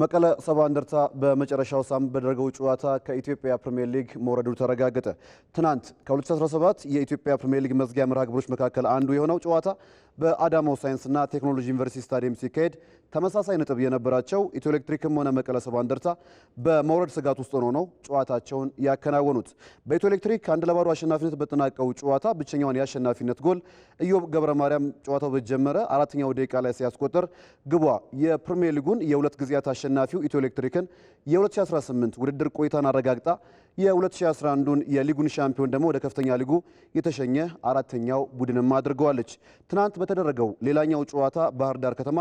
መቀለ ሰባ እንደርታ በመጨረሻው ሳምንት በደረገው ጨዋታ ከኢትዮጵያ ፕሪሚየር ሊግ መውረዱ ተረጋገጠ። ትናንት ከ2017 የኢትዮጵያ ፕሪሚየር ሊግ መዝጊያ መርሃ ግብሮች መካከል አንዱ የሆነው ጨዋታ በአዳማ ሳይንስና ቴክኖሎጂ ዩኒቨርሲቲ ስታዲየም ሲካሄድ ተመሳሳይ ነጥብ የነበራቸው ኢትዮ ኤሌክትሪክም ሆነ መቀለ ሰባ እንደርታ በመውረድ ስጋት ውስጥ ሆነው ነው ጨዋታቸውን ያከናወኑት። በኢትዮ ኤሌክትሪክ አንድ ለባዶ አሸናፊነት በተጠናቀው ጨዋታ ብቸኛውን የአሸናፊነት ጎል ኢዮብ ገብረ ማርያም ጨዋታው በጀመረ አራተኛው ደቂቃ ላይ ሲያስቆጥር ግቧ የፕሪሚየር ሊጉን የሁለት ጊዜያት አሸናፊው ኢትዮ ኤሌክትሪክን የ2018 ውድድር ቆይታን አረጋግጣ የ2011ን የሊጉን ሻምፒዮን ደግሞ ወደ ከፍተኛ ሊጉ የተሸኘ አራተኛው ቡድንም አድርገዋለች። ትናንት በተደረገው ሌላኛው ጨዋታ ባህር ዳር ከተማ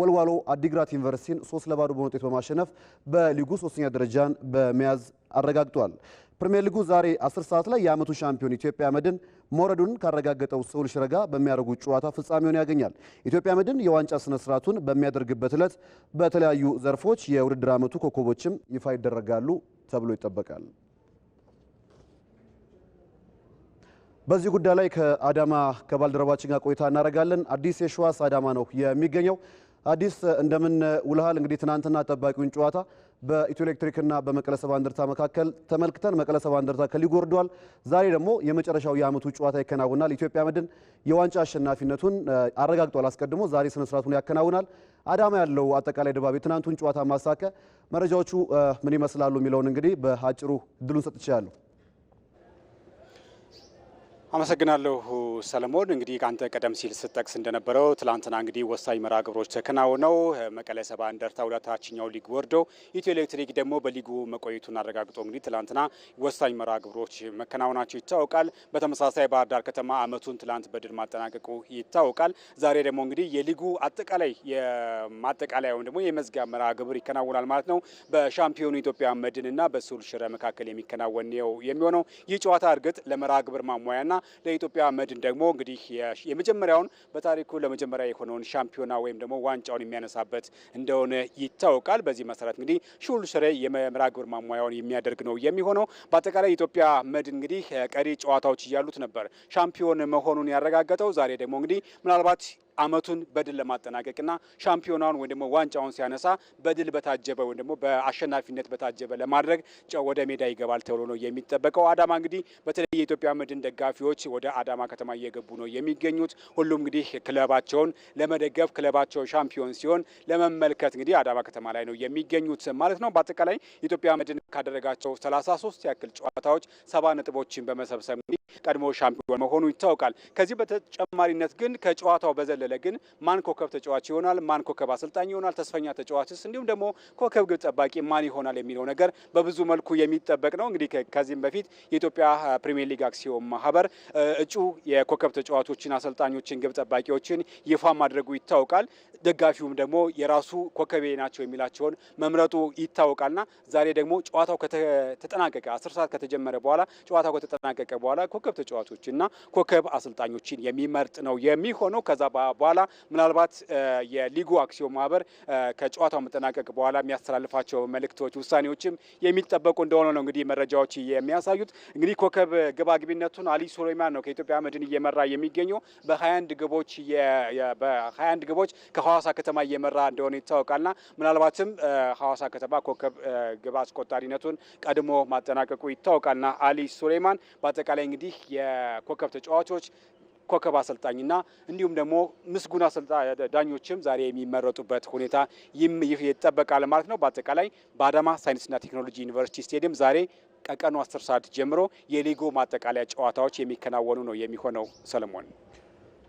ወልዋሎ አዲግራት ዩኒቨርሲቲን ሶስት ለባዶ በሆነ ውጤት በማሸነፍ በሊጉ ሶስተኛ ደረጃን በመያዝ አረጋግጧል። ፕሪምየር ሊጉ ዛሬ 10 ሰዓት ላይ የዓመቱ ሻምፒዮን ኢትዮጵያ መድን መውረዱን ካረጋገጠው ሰውል ሽረጋ በሚያደርጉ በሚያደርጉት ጨዋታ ፍጻሜውን ያገኛል። ኢትዮጵያ መድን የዋንጫ ስነ ስርዓቱን በሚያደርግበት ዕለት በተለያዩ ዘርፎች የውድድር ዓመቱ ኮከቦችም ይፋ ይደረጋሉ ተብሎ ይጠበቃል። በዚህ ጉዳይ ላይ ከአዳማ ከባልደረባችን ጋር ቆይታ እናደርጋለን። አዲስ የሸዋስ አዳማ ነው የሚገኘው። አዲስ እንደምን ውልሃል? እንግዲህ ትናንትና ጠባቂውን ጨዋታ በኢትዮ ኤሌክትሪክና በመቀለ ሰባ እንደርታ መካከል ተመልክተን መቀለ ሰባ እንደርታ ወርዷል። ዛሬ ደግሞ የመጨረሻው የዓመቱ ጨዋታ ይከናውናል። ኢትዮጵያ መድን የዋንጫ አሸናፊነቱን አረጋግጧል። አስቀድሞ ዛሬ ስነ ስርዓቱን ያከናውናል። አዳማ ያለው አጠቃላይ ድባብ የትናንቱን ጨዋታ ማሳከ መረጃዎቹ ምን ይመስላሉ የሚለውን እንግዲህ በአጭሩ እድሉን ሰጥቼ አመሰግናለሁ ሰለሞን። እንግዲህ ከአንተ ቀደም ሲል ስጠቅስ እንደነበረው ትላንትና እንግዲህ ወሳኝ መርሃ ግብሮች ተከናውነው መቀለ ሰባ እንደርታ ወደ ታችኛው ሊግ ወርዶ ኢትዮ ኤሌክትሪክ ደግሞ በሊጉ መቆየቱን አረጋግጦ እንግዲህ ትላንትና ወሳኝ መርሃ ግብሮች መከናወናቸው ይታወቃል። በተመሳሳይ ባህር ዳር ከተማ አመቱን ትላንት በድል ማጠናቀቁ ይታወቃል። ዛሬ ደግሞ እንግዲህ የሊጉ አጠቃላይ ማጠቃለያ ወይም ደግሞ የመዝጊያ መርሃ ግብር ይከናወናል ማለት ነው። በሻምፒዮኑ ኢትዮጵያ መድንና በሱል ሽረ መካከል የሚከናወን የሚሆነው ይህ ጨዋታ እርግጥ ለመርሃ ግብር ማሟያና ለኢትዮጵያ መድን ደግሞ እንግዲህ የመጀመሪያውን በታሪኩ ለመጀመሪያ የሆነውን ሻምፒዮና ወይም ደግሞ ዋንጫውን የሚያነሳበት እንደሆነ ይታወቃል። በዚህ መሰረት እንግዲህ ሹል ሽሬ የመርሃ ግብር ማሟያውን የሚያደርግ ነው የሚሆነው። በአጠቃላይ የኢትዮጵያ መድን እንግዲህ ቀሪ ጨዋታዎች እያሉት ነበር ሻምፒዮን መሆኑን ያረጋገጠው። ዛሬ ደግሞ እንግዲህ ምናልባት አመቱን በድል ለማጠናቀቅና ሻምፒዮናውን ወይም ደግሞ ዋንጫውን ሲያነሳ በድል በታጀበ ወይም ደግሞ በአሸናፊነት በታጀበ ለማድረግ ወደ ሜዳ ይገባል ተብሎ ነው የሚጠበቀው። አዳማ እንግዲህ በተለይ የኢትዮጵያ መድን ደጋፊዎች ወደ አዳማ ከተማ እየገቡ ነው የሚገኙት። ሁሉም እንግዲህ ክለባቸውን ለመደገፍ ክለባቸው ሻምፒዮን ሲሆን ለመመልከት እንግዲህ አዳማ ከተማ ላይ ነው የሚገኙት ማለት ነው። በአጠቃላይ ኢትዮጵያ መድን ካደረጋቸው 33 ያክል ጨዋታዎች ሰባ ነጥቦችን በመሰብሰብ ቀድሞ ሻምፒዮን መሆኑ ይታወቃል። ከዚህ በተጨማሪነት ግን ከጨዋታው በዘለለ ግን ማን ኮከብ ተጫዋች ይሆናል፣ ማን ኮከብ አሰልጣኝ ይሆናል፣ ተስፈኛ ተጫዋችስ፣ እንዲሁም ደግሞ ኮከብ ግብ ጠባቂ ማን ይሆናል የሚለው ነገር በብዙ መልኩ የሚጠበቅ ነው። እንግዲህ ከዚህም በፊት የኢትዮጵያ ፕሪሚየር ሊግ አክሲዮን ማህበር እጩ የኮከብ ተጫዋቾችን፣ አሰልጣኞችን፣ ግብ ጠባቂዎችን ይፋ ማድረጉ ይታወቃል። ደጋፊውም ደግሞ የራሱ ኮከቤ ናቸው የሚላቸውን መምረጡ ይታወቃልና ዛሬ ደግሞ ጨዋታው ከተጠናቀቀ አስር ሰዓት ከተጀመረ በኋላ ጨዋታው ከተጠናቀቀ በኋላ ኮከብ ተጫዋቾችና ኮከብ አሰልጣኞችን የሚመርጥ ነው የሚሆነው። ከዛ በኋላ ምናልባት የሊጉ አክሲዮን ማህበር ከጨዋታው መጠናቀቅ በኋላ የሚያስተላልፋቸው መልእክቶች፣ ውሳኔዎችም የሚጠበቁ እንደሆነ ነው እንግዲህ መረጃዎች የሚያሳዩት። እንግዲህ ኮከብ ግባግቢነቱን አሊ ሱሌማን ነው ከኢትዮጵያ መድን እየመራ የሚገኘው በ21 ግቦች በ21 ግቦች ከሐዋሳ ከተማ እየመራ እንደሆነ ይታወቃልና ምናልባትም ሐዋሳ ከተማ ኮከብ ግብ አስቆጣሪ ግንኙነቱን ቀድሞ ማጠናቀቁ ይታወቃልና አሊ ሱሌማን በአጠቃላይ እንግዲህ የኮከብ ተጫዋቾች ኮከብ አሰልጣኝና እንዲሁም ደግሞ ምስጉን ዳኞችም ዛሬ የሚመረጡበት ሁኔታ ይጠበቃል ማለት ነው። በአጠቃላይ በአዳማ ሳይንስና ቴክኖሎጂ ዩኒቨርሲቲ ስቴዲየም ዛሬ ከቀኑ አስር ሰዓት ጀምሮ የሊጉ ማጠቃለያ ጨዋታዎች የሚከናወኑ ነው የሚሆነው ሰለሞን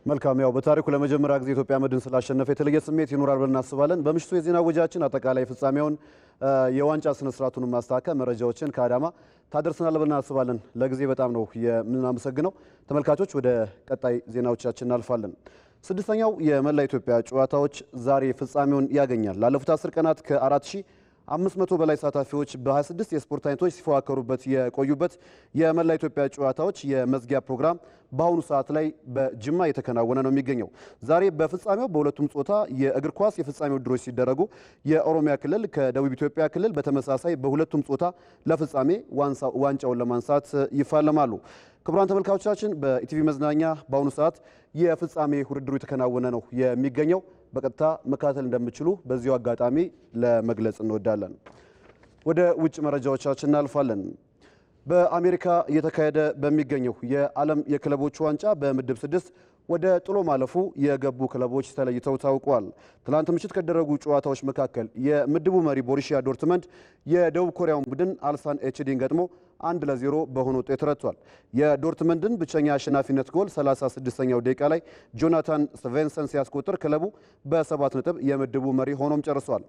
መልካም ያው በታሪኩ ለመጀመሪያ ጊዜ ኢትዮጵያ መድን ስላሸነፈ የተለየ ስሜት ይኖራል ብለን እናስባለን። በምሽቱ የዜና ወጃችን አጠቃላይ ፍጻሜውን የዋንጫ ስነስርዓቱን ማስተካከል መረጃዎችን ከአዳማ ታደርሰናል ብለን እናስባለን። ለጊዜ በጣም ነው የምናመሰግነው ተመልካቾች። ወደ ቀጣይ ዜናዎቻችን እናልፋለን። ስድስተኛው የመላ ኢትዮጵያ ጨዋታዎች ዛሬ ፍጻሜውን ያገኛል። ላለፉት አስር ቀናት ከአራት ሺህ 500 በላይ ተሳታፊዎች በ26 የስፖርት አይነቶች ሲፎካከሩበት የቆዩበት የመላ ኢትዮጵያ ጨዋታዎች የመዝጊያ ፕሮግራም በአሁኑ ሰዓት ላይ በጅማ እየተከናወነ ነው የሚገኘው። ዛሬ በፍጻሜው በሁለቱም ጾታ የእግር ኳስ የፍጻሜ ውድድሮች ሲደረጉ የኦሮሚያ ክልል ከደቡብ ኢትዮጵያ ክልል በተመሳሳይ በሁለቱም ጾታ ለፍጻሜ ዋንጫውን ለማንሳት ይፋለማሉ። ክቡራን ተመልካቾቻችን በኢቲቪ መዝናኛ በአሁኑ ሰዓት የፍጻሜ ውድድሩ የተከናወነ ነው የሚገኘው። በቀጥታ መከታተል እንደምችሉ በዚሁ አጋጣሚ ለመግለጽ እንወዳለን። ወደ ውጭ መረጃዎቻችን እናልፋለን። በአሜሪካ እየተካሄደ በሚገኘው የዓለም የክለቦች ዋንጫ በምድብ ስድስት ወደ ጥሎ ማለፉ የገቡ ክለቦች ተለይተው ታውቋል። ትላንት ምሽት ከደረጉ ጨዋታዎች መካከል የምድቡ መሪ ቦሩሲያ ዶርትመንድ የደቡብ ኮሪያውን ቡድን አልሳን ኤችዲን ገጥሞ አንድ ለዜሮ በሆነ ውጤት ረቷል። የዶርትመንድን ብቸኛ አሸናፊነት ጎል 36ኛው ደቂቃ ላይ ጆናታን ስቬንሰን ሲያስቆጥር ክለቡ በሰባት ነጥብ የምድቡ መሪ ሆኖም ጨርሷል።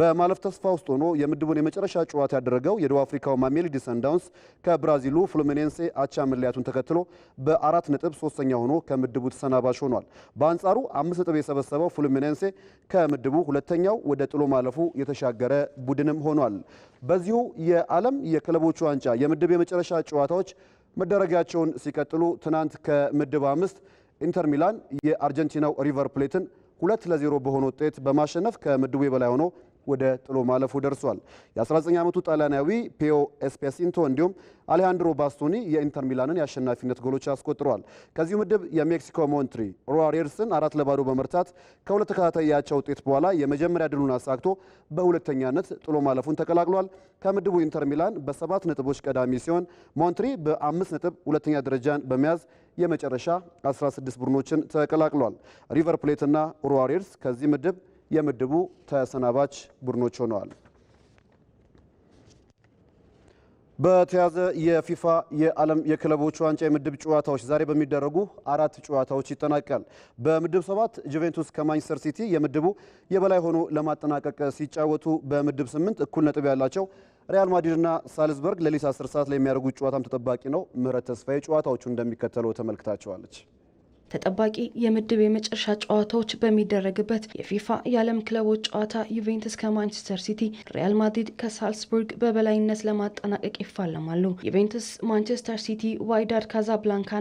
በማለፍ ተስፋ ውስጥ ሆኖ የምድቡን የመጨረሻ ጨዋታ ያደረገው የደቡብ አፍሪካው ማሜሎዲ ሰንዳውንስ ከብራዚሉ ፍሉሚኔንሴ አቻ መለያቱን ተከትሎ በአራት ነጥብ ሶስተኛ ሆኖ ከምድቡ ተሰናባሽ ሆኗል። በአንጻሩ አምስት ነጥብ የሰበሰበው ፍሉሚኔንሴ ከምድቡ ሁለተኛው ወደ ጥሎ ማለፉ የተሻገረ ቡድንም ሆኗል። በዚሁ የዓለም የክለቦች ዋንጫ ምድብ የመጨረሻ ጨዋታዎች መደረጋቸውን ሲቀጥሉ ትናንት ከምድብ አምስት ኢንተር ሚላን የአርጀንቲናው ሪቨር ፕሌትን ሁለት ለዜሮ በሆነ ውጤት በማሸነፍ ከምድቡ የበላይ ሆኖ ወደ ጥሎ ማለፉ ደርሷል። የ19 ዓመቱ ጣሊያናዊ ፒዮ ኤስፔሲንቶ እንዲሁም አሌሃንድሮ ባስቶኒ የኢንተር ሚላንን የአሸናፊነት ጎሎች አስቆጥረዋል። ከዚሁ ምድብ የሜክሲኮ ሞንትሪ ሮዋሬርስን አራት ለባዶ በመርታት ከሁለት ተከታታይ ውጤት በኋላ የመጀመሪያ ድሉን አሳክቶ በሁለተኛነት ጥሎ ማለፉን ተቀላቅሏል። ከምድቡ ኢንተር ሚላን በሰባት ነጥቦች ቀዳሚ ሲሆን ሞንትሪ በአምስት ነጥብ ሁለተኛ ደረጃን በመያዝ የመጨረሻ 16 ቡድኖችን ተቀላቅሏል። ሪቨር ፕሌትና ሮዋሬርስ ከዚህ ምድብ የምድቡ ተሰናባች ቡድኖች ሆነዋል። በተያዘ የፊፋ የዓለም የክለቦች ዋንጫ የምድብ ጨዋታዎች ዛሬ በሚደረጉ አራት ጨዋታዎች ይጠናቃል። በምድብ ሰባት ጁቬንቱስ ከማንቸስተር ሲቲ የምድቡ የበላይ ሆኖ ለማጠናቀቅ ሲጫወቱ፣ በምድብ ስምንት እኩል ነጥብ ያላቸው ሪያል ማድሪድና ሳልዝበርግ ሌሊት 10 ሰዓት ላይ የሚያደርጉት ጨዋታም ተጠባቂ ነው። ምህረት ተስፋዬ ጨዋታዎቹ እንደሚከተለው ተመልክታቸዋለች። ተጠባቂ የምድብ የመጨረሻ ጨዋታዎች በሚደረግበት የፊፋ የዓለም ክለቦች ጨዋታ ዩቬንቱስ ከማንቸስተር ሲቲ፣ ሪያል ማድሪድ ከሳልስቡርግ በበላይነት ለማጠናቀቅ ይፋለማሉ። ዩቬንትስ፣ ማንቸስተር ሲቲ፣ ዋይዳድ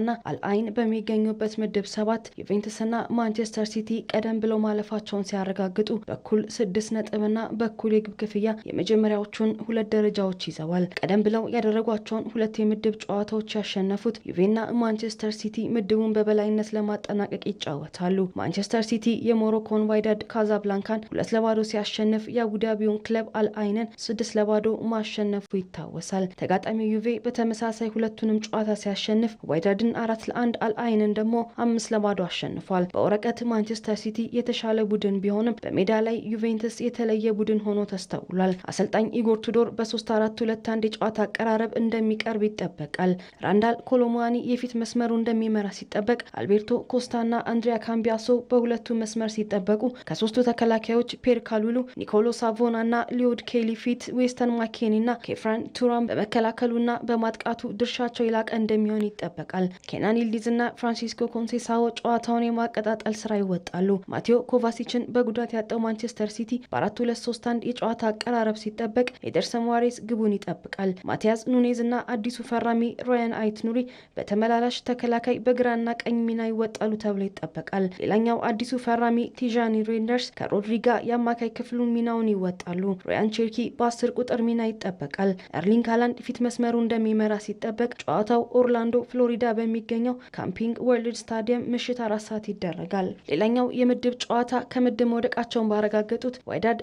ና አልአይን በሚገኙበት ምድብ ሰባት ዩቬንቱስና ማንቸስተር ሲቲ ቀደም ብለው ማለፋቸውን ሲያረጋግጡ በኩል ስድስት ነጥብና በኩል የግብ ክፍያ የመጀመሪያዎቹን ሁለት ደረጃዎች ይዘዋል። ቀደም ብለው ያደረጓቸውን ሁለት የምድብ ጨዋታዎች ያሸነፉት ዩቬና ማንቸስተር ሲቲ ምድቡን በበላይነት ለማጠናቀቅ ይጫወታሉ። ማንቸስተር ሲቲ የሞሮኮን ዋይዳድ ካዛብላንካን ሁለት ለባዶ ሲያሸንፍ የአቡዳቢውን ክለብ አልአይነን ስድስት ለባዶ ማሸነፉ ይታወሳል። ተጋጣሚው ዩቬ በተመሳሳይ ሁለቱንም ጨዋታ ሲያሸንፍ ዋይዳድን አራት ለአንድ አልአይነን ደግሞ አምስት ለባዶ አሸንፏል። በወረቀት ማንቸስተር ሲቲ የተሻለ ቡድን ቢሆንም በሜዳ ላይ ዩቬንትስ የተለየ ቡድን ሆኖ ተስተውሏል። አሰልጣኝ ኢጎር ቱዶር በሶስት አራት ሁለት አንድ የጨዋታ አቀራረብ እንደሚቀርብ ይጠበቃል። ራንዳል ኮሎማኒ የፊት መስመሩ እንደሚመራ ሲጠበቅ አልቤርቶ ሮቤርቶ ኮስታና አንድሪያ ካምቢያሶ በሁለቱ መስመር ሲጠበቁ ከሶስቱ ተከላካዮች ፔር ካሉሉ፣ ኒኮሎ ሳቮና እና ሊዮድ ኬሊ ፊት ዌስተን ማኬኒና ኬፍራን ቱራም በመከላከሉና በማጥቃቱ ድርሻቸው የላቀ እንደሚሆን ይጠበቃል። ኬናን ይልዲዝና ፍራንሲስኮ ኮንሴሳዎ ጨዋታውን የማቀጣጠል ስራ ይወጣሉ። ማቴዎ ኮቫሲችን በጉዳት ያጣው ማንቸስተር ሲቲ በአራት ሁለት ሶስት አንድ የጨዋታ አቀራረብ ሲጠበቅ ኤደርሰን ሞዋሬስ ግቡን ይጠብቃል። ማቲያስ ኑኔዝ አዲሱ ፈራሚ ሮያን አይት ኑሪ በተመላላሽ ተከላካይ በግራና ቀኝ ሚና ይወጣሉ ተብሎ ይጠበቃል። ሌላኛው አዲሱ ፈራሚ ቲዣኒ ሬንደርስ ከሮድሪጋ የአማካይ ክፍሉ ሚናውን ይወጣሉ። ሮያን ቼርኪ በአስር ቁጥር ሚና ይጠበቃል። ኤርሊንግ ሃላንድ ፊት መስመሩ እንደሚመራ ሲጠበቅ ጨዋታው ኦርላንዶ ፍሎሪዳ በሚገኘው ካምፒንግ ወርልድ ስታዲየም ምሽት አራት ሰዓት ይደረጋል። ሌላኛው የምድብ ጨዋታ ከምድብ መውደቃቸውን ባረጋገጡት ዋይዳድ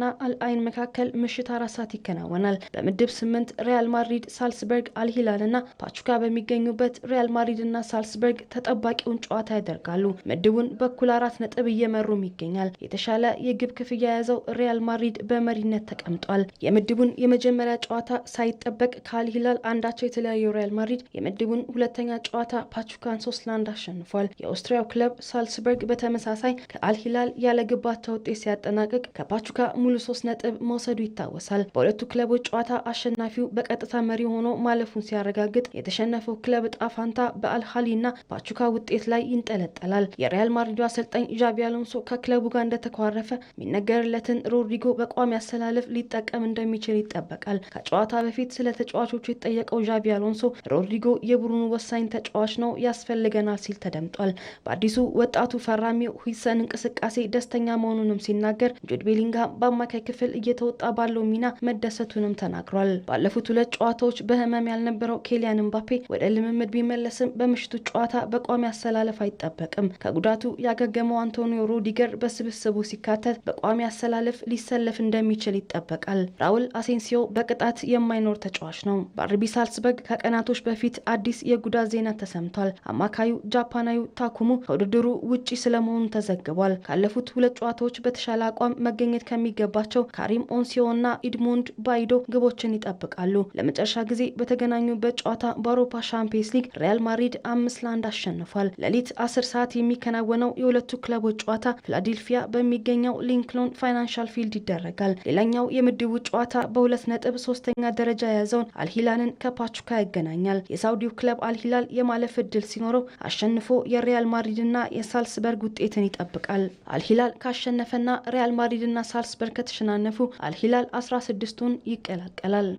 ና አልአይን መካከል ምሽት አራት ሰዓት ይከናወናል። በምድብ ስምንት ሪያል ማድሪድ፣ ሳልስበርግ፣ አልሂላል ና ፓቹካ በሚገኙበት ሪያል ማድሪድ ና ሳልስበርግ ተጠ ጠባቂውን ጨዋታ ያደርጋሉ። ምድቡን በኩል አራት ነጥብ እየመሩም ይገኛል። የተሻለ የግብ ክፍያ የያዘው ሪያል ማድሪድ በመሪነት ተቀምጧል። የምድቡን የመጀመሪያ ጨዋታ ሳይጠበቅ ከአልሂላል ሂላል አንዳቸው የተለያዩ ሪያል ማድሪድ የምድቡን ሁለተኛ ጨዋታ ፓቹካን ሶስት ለአንድ አሸንፏል። የኦስትሪያው ክለብ ሳልስበርግ በተመሳሳይ ከአል ሂላል ያለ ግብ ውጤት ሲያጠናቅቅ ከፓቹካ ሙሉ ሶስት ነጥብ መውሰዱ ይታወሳል። በሁለቱ ክለቦች ጨዋታ አሸናፊው በቀጥታ መሪ ሆኖ ማለፉን ሲያረጋግጥ የተሸነፈው ክለብ ጣፋንታ በአልሃሊ እና ፓቹካ ውጤት ላይ ይንጠለጠላል። የሪያል ማድሪዱ አሰልጣኝ ዣቢ አሎንሶ ከክለቡ ጋር እንደተኳረፈ የሚነገርለትን ሮድሪጎ በቋሚ አሰላለፍ ሊጠቀም እንደሚችል ይጠበቃል። ከጨዋታ በፊት ስለ ተጫዋቾቹ የተጠየቀው ዣቢ አሎንሶ ሮድሪጎ የቡድኑ ወሳኝ ተጫዋች ነው፣ ያስፈልገናል ሲል ተደምጧል። በአዲሱ ወጣቱ ፈራሚው ሂሰን እንቅስቃሴ ደስተኛ መሆኑንም ሲናገር ጁድ ቤሊንግሃም በአማካይ ክፍል እየተወጣ ባለው ሚና መደሰቱንም ተናግሯል። ባለፉት ሁለት ጨዋታዎች በህመም ያልነበረው ኬሊያን ምባፔ ወደ ልምምድ ቢመለስም በምሽቱ ጨዋታ በቋሚ ተቋሚ አሰላለፍ አይጠበቅም። ከጉዳቱ ያገገመው አንቶኒዮ ሩዲገር በስብስቡ ሲካተት በቋሚ አሰላለፍ ሊሰለፍ እንደሚችል ይጠበቃል። ራውል አሴንሲዮ በቅጣት የማይኖር ተጫዋች ነው። በአርቢ ሳልስበርግ ከቀናቶች በፊት አዲስ የጉዳት ዜና ተሰምቷል። አማካዩ ጃፓናዊ ታኩሙ ከውድድሩ ውጪ ስለመሆኑ ተዘግቧል። ካለፉት ሁለት ጨዋታዎች በተሻለ አቋም መገኘት ከሚገባቸው ካሪም ኦንሲዮ እና ኢድሞንድ ባይዶ ግቦችን ይጠብቃሉ። ለመጨረሻ ጊዜ በተገናኙበት ጨዋታ በአውሮፓ ሻምፒየንስ ሊግ ሪያል ማድሪድ አምስት ለአንድ አሸንፏል። አልፏል። ሌሊት አስር ሰዓት የሚከናወነው የሁለቱ ክለቦች ጨዋታ ፊላዴልፊያ በሚገኘው ሊንክሎን ፋይናንሻል ፊልድ ይደረጋል። ሌላኛው የምድቡ ጨዋታ በሁለት ነጥብ ሶስተኛ ደረጃ የያዘውን አልሂላልን ከፓቹካ ያገናኛል። የሳውዲው ክለብ አልሂላል የማለፍ እድል ሲኖረው አሸንፎ የሪያል ማድሪድና የሳልስበርግ ውጤትን ይጠብቃል። አልሂላል ካሸነፈና ሪያል ማድሪድና ሳልስበርግ ከተሸናነፉ አልሂላል አስራ ስድስቱን ይቀላቀላል።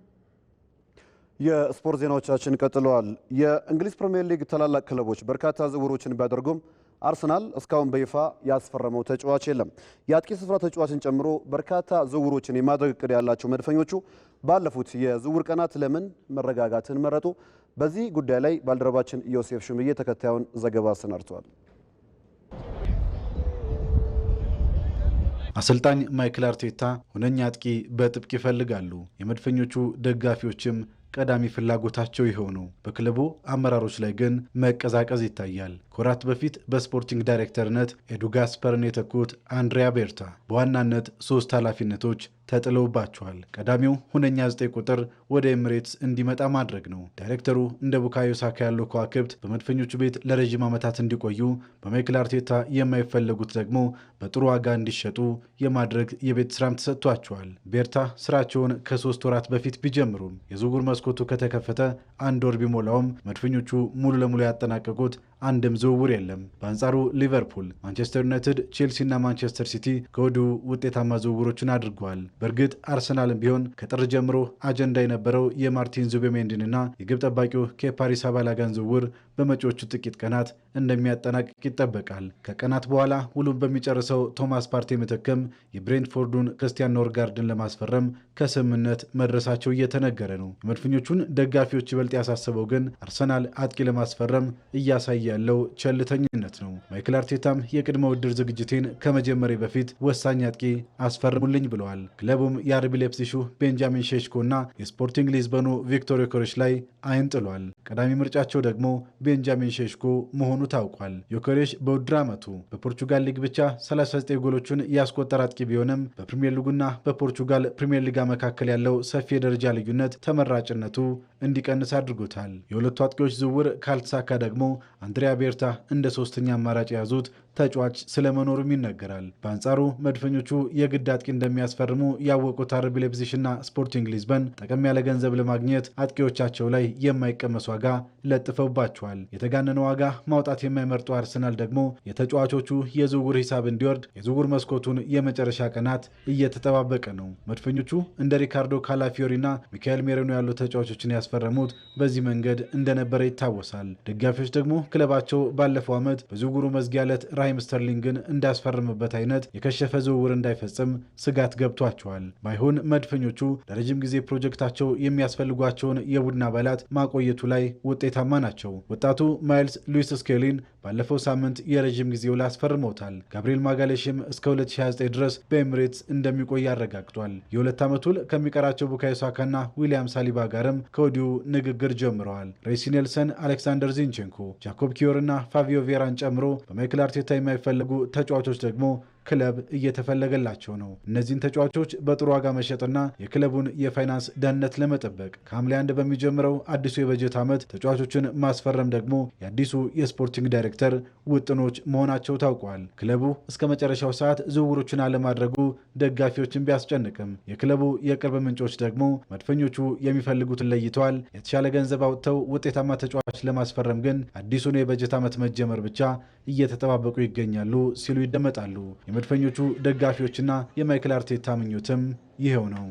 የስፖርት ዜናዎቻችን ቀጥለዋል። የእንግሊዝ ፕሪምየር ሊግ ታላላቅ ክለቦች በርካታ ዝውውሮችን ቢያደርጉም አርሰናል እስካሁን በይፋ ያስፈረመው ተጫዋች የለም። የአጥቂ ስፍራ ተጫዋችን ጨምሮ በርካታ ዝውውሮችን የማድረግ እቅድ ያላቸው መድፈኞቹ ባለፉት የዝውውር ቀናት ለምን መረጋጋትን መረጡ? በዚህ ጉዳይ ላይ ባልደረባችን ዮሴፍ ሹምዬ ተከታዩን ዘገባ አሰናድቷል። አሰልጣኝ ማይክል አርቴታ ሁነኛ አጥቂ በጥብቅ ይፈልጋሉ። የመድፈኞቹ ደጋፊዎችም ቀዳሚ ፍላጎታቸው ይኸው ነው። በክለቡ አመራሮች ላይ ግን መቀዛቀዝ ይታያል። ከወራት በፊት በስፖርቲንግ ዳይሬክተርነት ኤዱ ጋስፐርን የተኩት አንድሪያ ቤርታ በዋናነት ሶስት ኃላፊነቶች ተጥለውባቸዋል። ቀዳሚው ሁነኛ 9 ቁጥር ወደ ኤምሬትስ እንዲመጣ ማድረግ ነው። ዳይሬክተሩ እንደ ቡካዮ ሳካ ያለው ከዋክብት በመድፈኞቹ ቤት ለረዥም ዓመታት እንዲቆዩ፣ በማይክል አርቴታ የማይፈለጉት ደግሞ በጥሩ ዋጋ እንዲሸጡ የማድረግ የቤት ስራም ተሰጥቷቸዋል። ቤርታ ስራቸውን ከሶስት ወራት በፊት ቢጀምሩም የዝውውር መስኮቱ ከተከፈተ አንድ ወር ቢሞላውም መድፈኞቹ ሙሉ ለሙሉ ያጠናቀቁት አንድም ዝውውር የለም። በአንጻሩ ሊቨርፑል፣ ማንቸስተር ዩናይትድ፣ ቼልሲና ማንቸስተር ሲቲ ከወዲሁ ውጤታማ ዝውውሮችን አድርገዋል። በእርግጥ አርሰናልም ቢሆን ከጥር ጀምሮ አጀንዳ የነበረው የማርቲን ዙቤሜንዲንና የግብ ጠባቂው ከፓሪስ አባላጋን ዝውውር በመጪዎቹ ጥቂት ቀናት እንደሚያጠናቅቅ ይጠበቃል። ከቀናት በኋላ ውሉም በሚጨርሰው ቶማስ ፓርቴ ምትክም የብሬንትፎርዱን ክርስቲያን ኖርጋርድን ለማስፈረም ከስምምነት መድረሳቸው እየተነገረ ነው። የመድፈኞቹን ደጋፊዎች ይበልጥ ያሳሰበው ግን አርሰናል አጥቂ ለማስፈረም እያሳየ ያለው ቸልተኝነት ነው። ማይክል አርቴታም የቅድመ ውድድር ዝግጅቴን ከመጀመሬ በፊት ወሳኝ አጥቂ አስፈርሙልኝ ብለዋል። ክለቡም የአርቢ ቤንጃሚን ሼሽኮ እና የስፖርቲንግ ሊዝበኑ ቪክቶር ዮከሬሽ ላይ አይን ጥሏል። ቀዳሚ ምርጫቸው ደግሞ ቤንጃሚን ሼሽኮ መሆኑ ታውቋል። ዮኬሬሽ በውድድር ዓመቱ በፖርቹጋል ሊግ ብቻ 39 ጎሎቹን ያስቆጠረ አጥቂ ቢሆንም በፕሪምየር ሊጉና በፖርቹጋል ፕሪምየር ሊጋ መካከል ያለው ሰፊ የደረጃ ልዩነት ተመራጭነቱ እንዲቀንስ አድርጎታል። የሁለቱ አጥቂዎች ዝውውር ካልተሳካ ደግሞ አንድሪያ ቤርታ እንደ ሶስተኛ አማራጭ የያዙት ተጫዋች ስለመኖሩም ይነገራል። በአንጻሩ መድፈኞቹ የግድ አጥቂ እንደሚያስፈርሙ ያወቁት አርቢ ሌፕዚግና ስፖርቲንግ ሊዝበን ጠቀም ያለ ገንዘብ ለማግኘት አጥቂዎቻቸው ላይ የማይቀመስ ዋጋ ለጥፈውባቸዋል። የተጋነነ ዋጋ ማውጣት የማይመርጡ አርሰናል ደግሞ የተጫዋቾቹ የዝውውር ሂሳብ እንዲወርድ የዝውውር መስኮቱን የመጨረሻ ቀናት እየተጠባበቀ ነው። መድፈኞቹ እንደ ሪካርዶ ካላፊዮሪና ሚካኤል ሜሬኖ ያሉ ተጫዋቾችን ያስፈረሙት በዚህ መንገድ እንደነበረ ይታወሳል። ደጋፊዎች ደግሞ ክለባቸው ባለፈው ዓመት በዝውውሩ መዝጊያ ዕለት ራሂም ስተርሊንግን እንዳስፈርምበት አይነት የከሸፈ ዝውውር እንዳይፈጽም ስጋት ገብቷቸዋል። ባይሆን መድፈኞቹ ለረጅም ጊዜ ፕሮጀክታቸው የሚያስፈልጓቸውን የቡድን አባላት ማቆየቱ ላይ ውጤታማ ናቸው። ወጣቱ ማይልስ ሉዊስ ስኬሊን ባለፈው ሳምንት የረዥም ጊዜ ውል አስፈርመውታል። ጋብሪኤል ማጋሌሽም እስከ 2029 ድረስ በኤምሬትስ እንደሚቆይ አረጋግጧል። የሁለት ዓመት ውል ከሚቀራቸው ቡካዮ ሳካና ዊሊያም ሳሊባ ጋርም ከወዲሁ ንግግር ጀምረዋል። ሬሲ ኔልሰን፣ አሌክሳንደር ዚንቼንኮ፣ ጃኮብ ኪዮር ና ፋቪዮ ቬራን ጨምሮ በማይክል አርቴታ ከፍተኛ የማይፈለጉ ተጫዋቾች ደግሞ ክለብ እየተፈለገላቸው ነው። እነዚህን ተጫዋቾች በጥሩ ዋጋ መሸጥና የክለቡን የፋይናንስ ደህንነት ለመጠበቅ ከሐምሌ አንድ በሚጀምረው አዲሱ የበጀት ዓመት ተጫዋቾችን ማስፈረም ደግሞ የአዲሱ የስፖርቲንግ ዳይሬክተር ውጥኖች መሆናቸው ታውቋል። ክለቡ እስከ መጨረሻው ሰዓት ዝውውሮችን አለማድረጉ ደጋፊዎችን ቢያስጨንቅም የክለቡ የቅርብ ምንጮች ደግሞ መድፈኞቹ የሚፈልጉትን ለይተዋል። የተሻለ ገንዘብ አውጥተው ውጤታማ ተጫዋች ለማስፈረም ግን አዲሱን የበጀት ዓመት መጀመር ብቻ እየተጠባበቁ ይገኛሉ ሲሉ ይደመጣሉ። የመድፈኞቹ ደጋፊዎችና የማይክል አርቴታ ምኞትም ይኸው ነው።